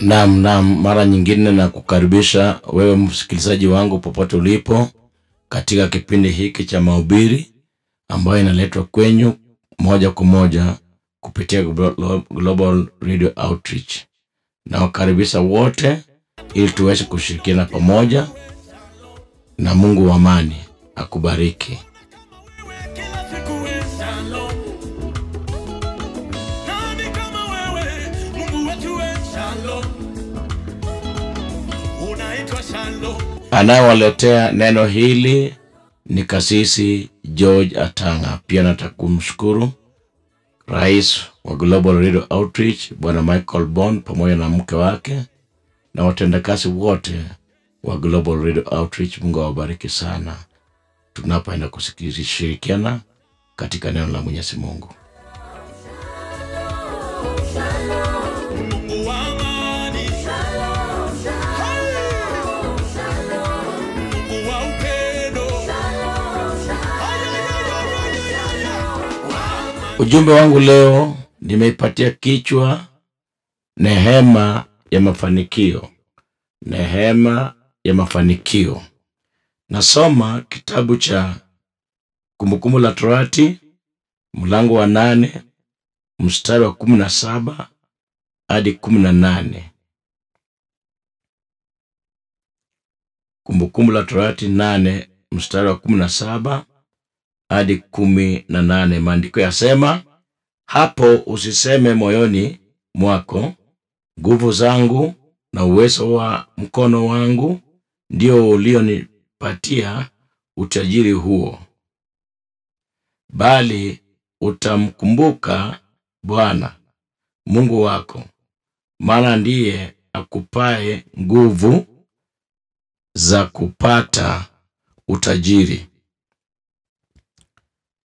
Naam, naam, mara nyingine na kukaribisha wewe msikilizaji wangu popote ulipo katika kipindi hiki cha mahubiri ambayo inaletwa kwenyu moja kwa moja kupitia Global Radio Outreach. Nawakaribisha wote ili tuweze kushirikiana pamoja, na Mungu wa amani akubariki. Anayewaletea neno hili ni Kasisi George Atanga. Pia nataka kumshukuru rais wa Global Radio Outreach Bwana Michael Bond pamoja na mke wake na watendakazi wote wa Global Radio Outreach. Mungu awabariki sana tunapoenda kushirikiana katika neno la Mwenyezi Mungu. Ujumbe wangu leo nimeipatia kichwa Nehema ya mafanikio. Nehema ya mafanikio. Nasoma kitabu cha Kumbukumbu la Torati mlango wa nane mstari wa kumi na saba hadi kumi na nane. Kumbukumbu la Torati nane mstari wa kumi na saba hadi kumi na nane. Maandiko yasema, hapo usiseme moyoni mwako, nguvu zangu na uwezo wa mkono wangu ndio ulionipatia utajiri huo, bali utamkumbuka Bwana Mungu wako, maana ndiye akupaye nguvu za kupata utajiri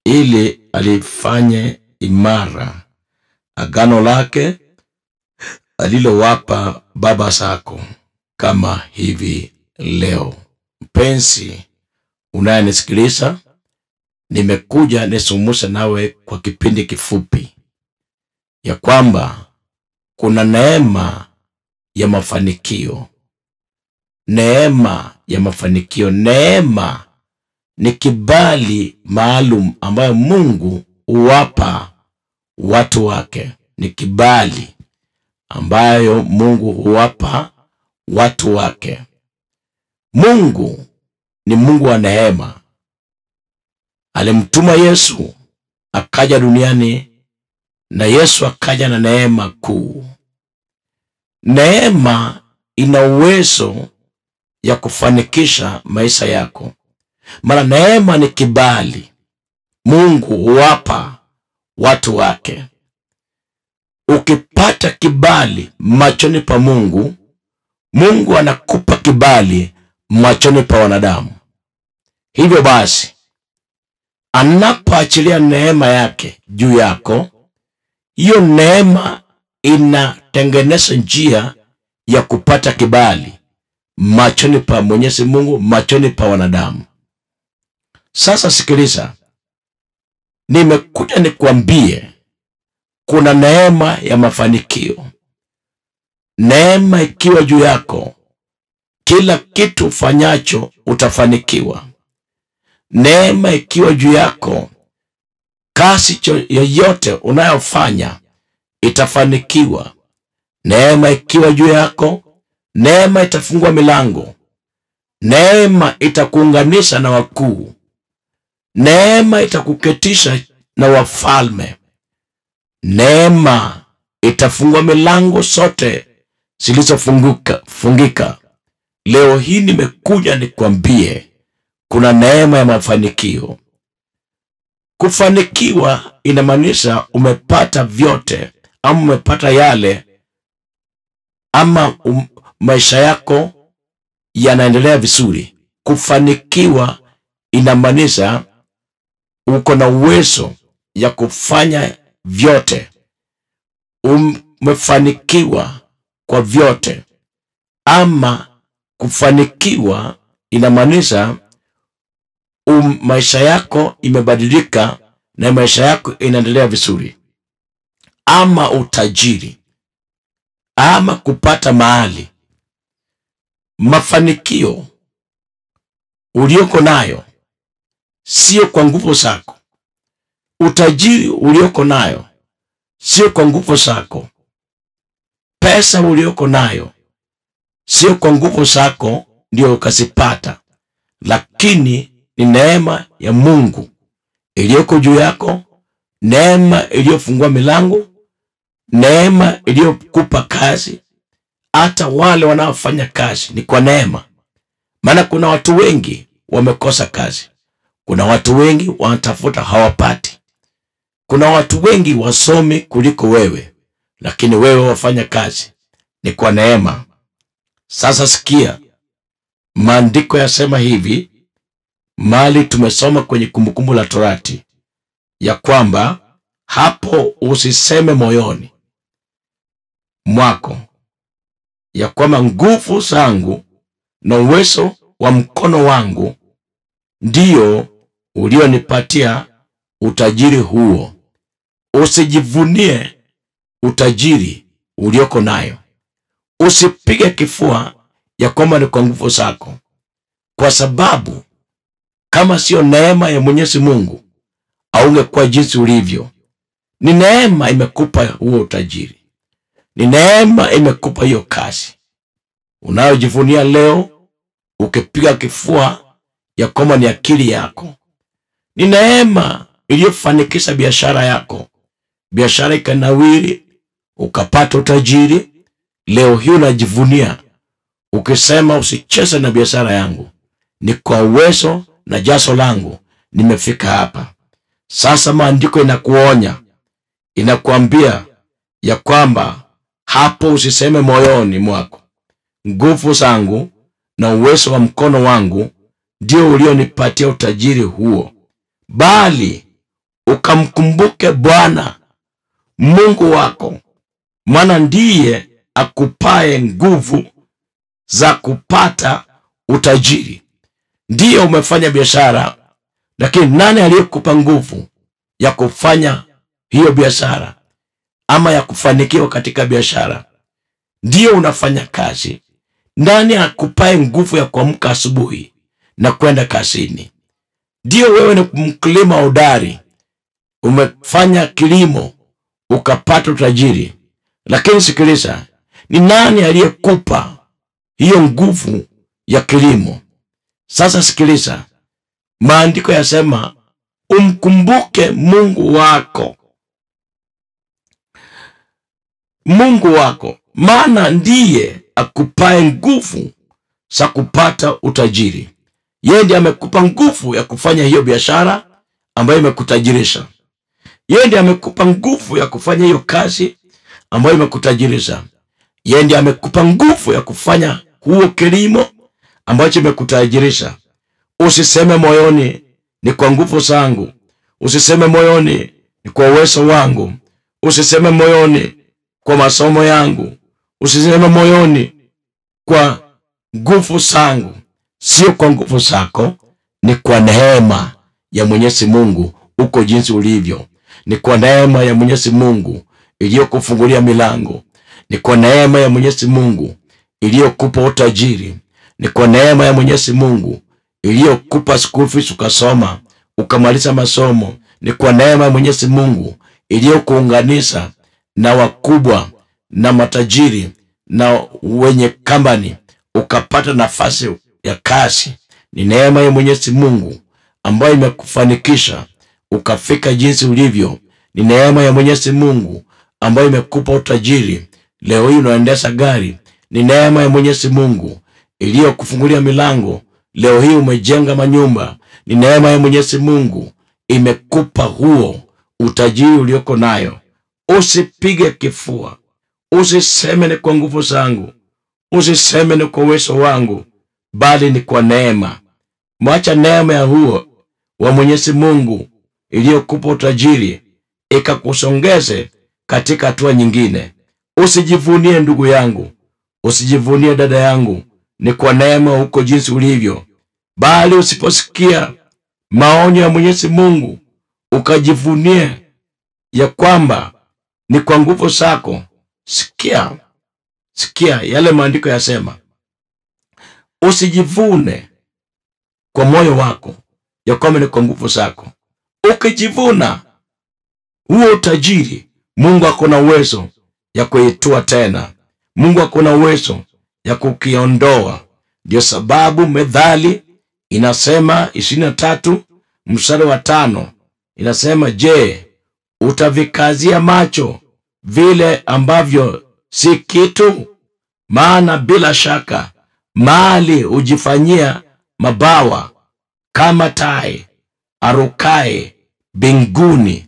ili alifanye imara agano lake alilowapa baba zako, kama hivi leo. Mpenzi unayenisikiliza, nimekuja nisumuse nawe kwa kipindi kifupi, ya kwamba kuna neema ya mafanikio, neema ya mafanikio, neema ni kibali maalum ambayo Mungu huwapa watu wake, ni kibali ambayo Mungu huwapa watu wake. Mungu ni Mungu wa neema. Alimtuma Yesu akaja duniani, na Yesu akaja na neema kuu. Neema ina uwezo ya kufanikisha maisha yako. Mara neema ni kibali Mungu huwapa watu wake. Ukipata kibali machoni pa Mungu, Mungu anakupa kibali machoni pa wanadamu. Hivyo basi, anapoachilia neema yake juu yako, hiyo neema inatengeneza njia ya kupata kibali machoni pa Mwenyezi Mungu, machoni pa wanadamu. Sasa sikiliza, nimekuja nikwambie kuna neema ya mafanikio. Neema ikiwa juu yako, kila kitu ufanyacho utafanikiwa. Neema ikiwa juu yako, kasi yoyote unayofanya itafanikiwa. Neema ikiwa juu yako, neema itafungua milango. Neema itakuunganisha na wakuu. Neema itakuketisha na wafalme, neema itafungua milango zote zilizofungika. Leo hii nimekuja nikwambie kuna neema ya mafanikio. Kufanikiwa inamaanisha umepata vyote ama umepata yale ama um, maisha yako yanaendelea vizuri. Kufanikiwa inamaanisha uko na uwezo ya kufanya vyote, umefanikiwa kwa vyote. Ama kufanikiwa inamaanisha um, maisha yako imebadilika na maisha yako inaendelea vizuri, ama utajiri, ama kupata mahali mafanikio ulioko nayo sio kwa nguvu zako. Utajiri ulioko nayo sio kwa nguvu zako. Pesa ulioko nayo sio kwa nguvu zako ndio ukazipata, lakini ni neema ya Mungu iliyoko juu yako, neema iliyofungua milango, neema iliyokupa kazi. Hata wale wanaofanya kazi ni kwa neema, maana kuna watu wengi wamekosa kazi. Kuna watu wengi wanatafuta hawapati. Kuna watu wengi wasomi kuliko wewe, lakini wewe wafanya kazi, ni kwa neema. Sasa sikia, maandiko yasema hivi, mali tumesoma kwenye Kumbukumbu la Torati ya kwamba hapo usiseme moyoni mwako ya kwamba nguvu zangu na uwezo wa mkono wangu ndiyo ulionipatia utajiri huo. Usijivunie utajiri ulioko nayo. Usipige kifua ya kwamba ni kwa nguvu zako, kwa sababu kama siyo neema ya Mwenyezi Mungu haungekuwa jinsi ulivyo. Ni neema imekupa huo utajiri, ni neema imekupa hiyo kazi unayojivunia leo, ukipiga kifua ya kwamba ni akili yako ni neema iliyofanikisha biashara yako, biashara ikanawiri, ukapata utajiri. Leo hii unajivunia ukisema, usicheze na biashara yangu, ni kwa uwezo na jaso langu nimefika hapa. Sasa maandiko inakuonya, inakuambia ya kwamba hapo usiseme moyoni mwako, nguvu zangu na uwezo wa mkono wangu ndio ulionipatia utajiri huo bali ukamkumbuke Bwana Mungu wako, maana ndiye akupaye nguvu za kupata utajiri. ndiye umefanya biashara, lakini nani aliyekupa nguvu ya kufanya hiyo biashara ama ya kufanikiwa katika biashara? Ndiyo unafanya kazi, nani akupaye nguvu ya kuamka asubuhi na kwenda kazini? Ndio wewe ni mkulima hodari, umefanya kilimo ukapata utajiri, lakini sikiliza, ni nani aliyekupa hiyo nguvu ya kilimo? Sasa sikiliza, maandiko yasema umkumbuke Mungu wako, Mungu wako, maana ndiye akupae nguvu za kupata utajiri. Yeye ndiye amekupa nguvu ya kufanya hiyo biashara ambayo imekutajirisha. Yeye ndiye amekupa nguvu ya kufanya hiyo kazi ambayo imekutajirisha. Yeye ndiye amekupa nguvu ya kufanya huo kilimo ambacho imekutajirisha. Usiseme moyoni, ni kwa nguvu zangu. Usiseme moyoni, ni kwa uwezo wangu. Usiseme moyoni, kwa masomo yangu. Usiseme moyoni, kwa nguvu zangu sio kwa nguvu zako, ni kwa neema ya Mwenyezi Mungu uko jinsi ulivyo, ni kwa neema ya Mwenyezi Mungu iliyokufungulia milango, ni kwa neema ya Mwenyezi Mungu iliyokupa utajiri, ni kwa neema ya Mwenyezi Mungu iliyokupa school fees ukasoma ukamaliza masomo, ni kwa neema ya Mwenyezi Mungu iliyokuunganisha na wakubwa na matajiri na wenye kambani ukapata nafasi ya kazi ni neema ya Mwenyezi Mungu ambayo imekufanikisha ukafika jinsi ulivyo. Ni neema ya Mwenyezi Mungu ambayo imekupa utajiri. Leo hii unaendesha gari, ni neema ya Mwenyezi Mungu iliyokufungulia milango. Leo hii umejenga manyumba, ni neema ya Mwenyezi Mungu imekupa huo utajiri ulioko nayo. Usipige kifua, usiseme ni kwa nguvu zangu, usiseme ni kwa uwezo wangu bali ni kwa neema. Mwacha neema ya huo wa Mwenyezi Mungu iliyokupa utajiri ikakusongeze katika hatua nyingine. Usijivunie ndugu yangu, usijivunie dada yangu, ni kwa neema huko jinsi ulivyo. Bali usiposikia maonyo ya Mwenyezi Mungu ukajivunie ya kwamba ni kwa nguvu zako, sikia, sikia yale maandiko yasema Usijivune kwa moyo wako ya kwamba ni kwa nguvu zako. Ukijivuna huo utajiri, Mungu akona uwezo ya kuitoa tena. Mungu akona uwezo ya kukiondoa. Ndio sababu Methali inasema ishirini na tatu mstari wa tano inasema, je, utavikazia macho vile ambavyo si kitu? Maana bila shaka mali hujifanyia mabawa kama tai arukae binguni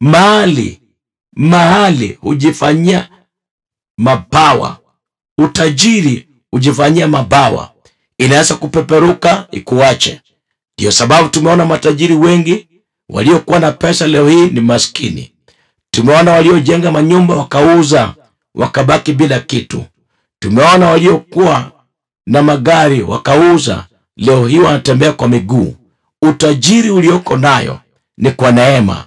Mali mahali hujifanyia mabawa, utajiri hujifanyia mabawa, inaweza kupeperuka ikuache. ndio sababu tumeona matajiri wengi waliokuwa na pesa leo hii ni maskini. Tumeona waliojenga manyumba wakauza wakabaki bila kitu. Tumeona waliokuwa na magari wakauza, leo hii wanatembea kwa miguu. Utajiri ulioko nayo ni kwa neema,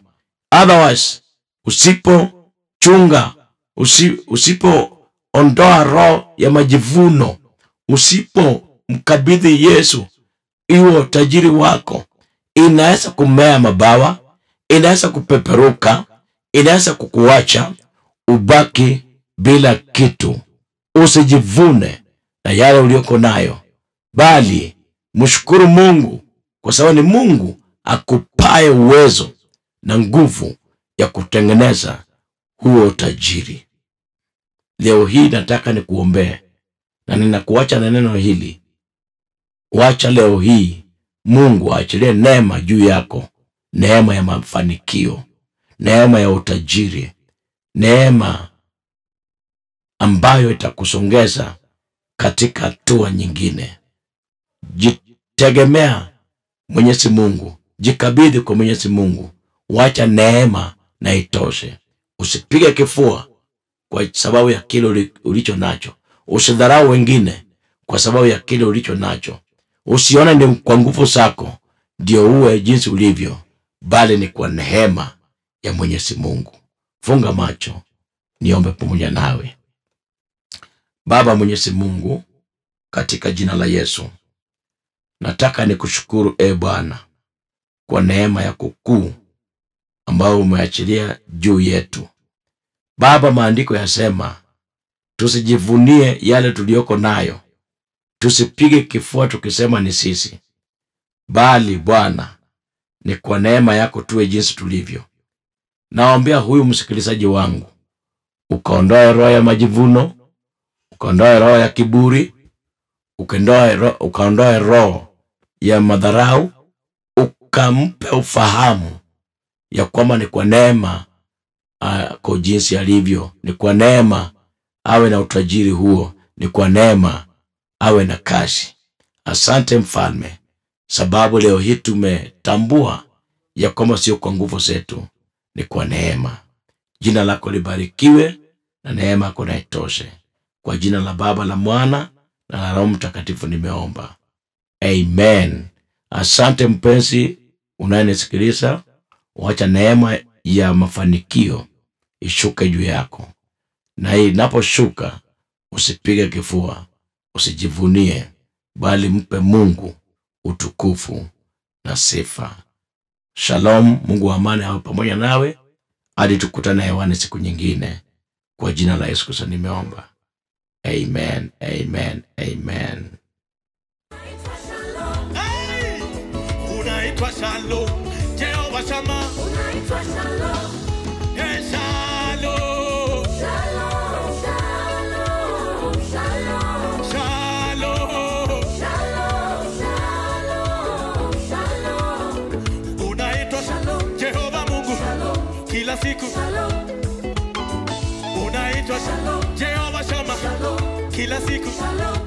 otherwise usipochunga, usi, usipoondoa roho ya majivuno, usipomkabidhi Yesu iwo utajiri wako, inaweza kumea mabawa, inaweza kupeperuka, inaweza kukuacha ubaki bila kitu. Usijivune na yale uliyoko nayo, bali mshukuru Mungu kwa sababu ni Mungu akupaye uwezo na nguvu ya kutengeneza huo utajiri Leo hii nataka nikuombee na ninakuacha na neno hili. Wacha leo hii Mungu aachilie neema juu yako, neema ya mafanikio, neema ya utajiri, neema ambayo itakusongeza katika hatua nyingine. Jitegemea Mwenyezi Mungu, jikabidhi kwa Mwenyezi Mungu, wacha neema na itoshe. Usipige kifua kwa sababu ya kile ulicho nacho. Usidharau wengine kwa sababu ya kile ulicho nacho. Usione ni kwa nguvu zako ndio uwe jinsi ulivyo, bali ni kwa neema ya Mwenyezi Mungu. Funga macho, niombe pamoja nawe. Baba Mwenyezi Mungu, katika jina la Yesu nataka nikushukuru e Bwana kwa neema yako kuu ambayo umeachilia juu yetu. Baba, maandiko yasema tusijivunie yale tuliyoko nayo, tusipige kifua tukisema ni sisi, bali Bwana ni kwa neema yako tuwe jinsi tulivyo. Naombea huyu msikilizaji wangu, ukaondoe roho ya majivuno ukaondoe roho ya kiburi, ukaondoe roho ya madharau, ukampe ufahamu ya kwamba ni kwa neema ah, kwa jinsi alivyo, ni kwa neema awe na utajiri huo, ni kwa neema awe na kazi. Asante Mfalme, sababu leo hii tumetambua ya kwamba sio kwa nguvu zetu, ni kwa neema. Jina lako libarikiwe na neema yako kwa jina la Baba, la Mwana na la Roho Mtakatifu nimeomba, amen. Asante mpenzi unayenisikiliza, wacha neema ya mafanikio ishuke juu yako, na inaposhuka usipige kifua, usijivunie, bali mpe Mungu utukufu na sifa. Shalom. Mungu wa amani awe pamoja nawe hadi tukutane hewani siku nyingine. Kwa jina la Yesu Kristo nimeomba. Amen. Amen. Amen. Shalom. Unaitwa shalom kila siku Shalom.